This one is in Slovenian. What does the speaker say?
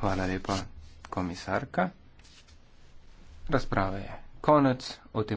Hvala lepa, komisarka. Razprave je konec.